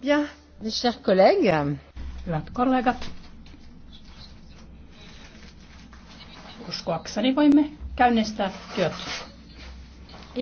Bien, mes chers collègues. Hyvät kollegat. Uskoakseni voimme käynnistää työt.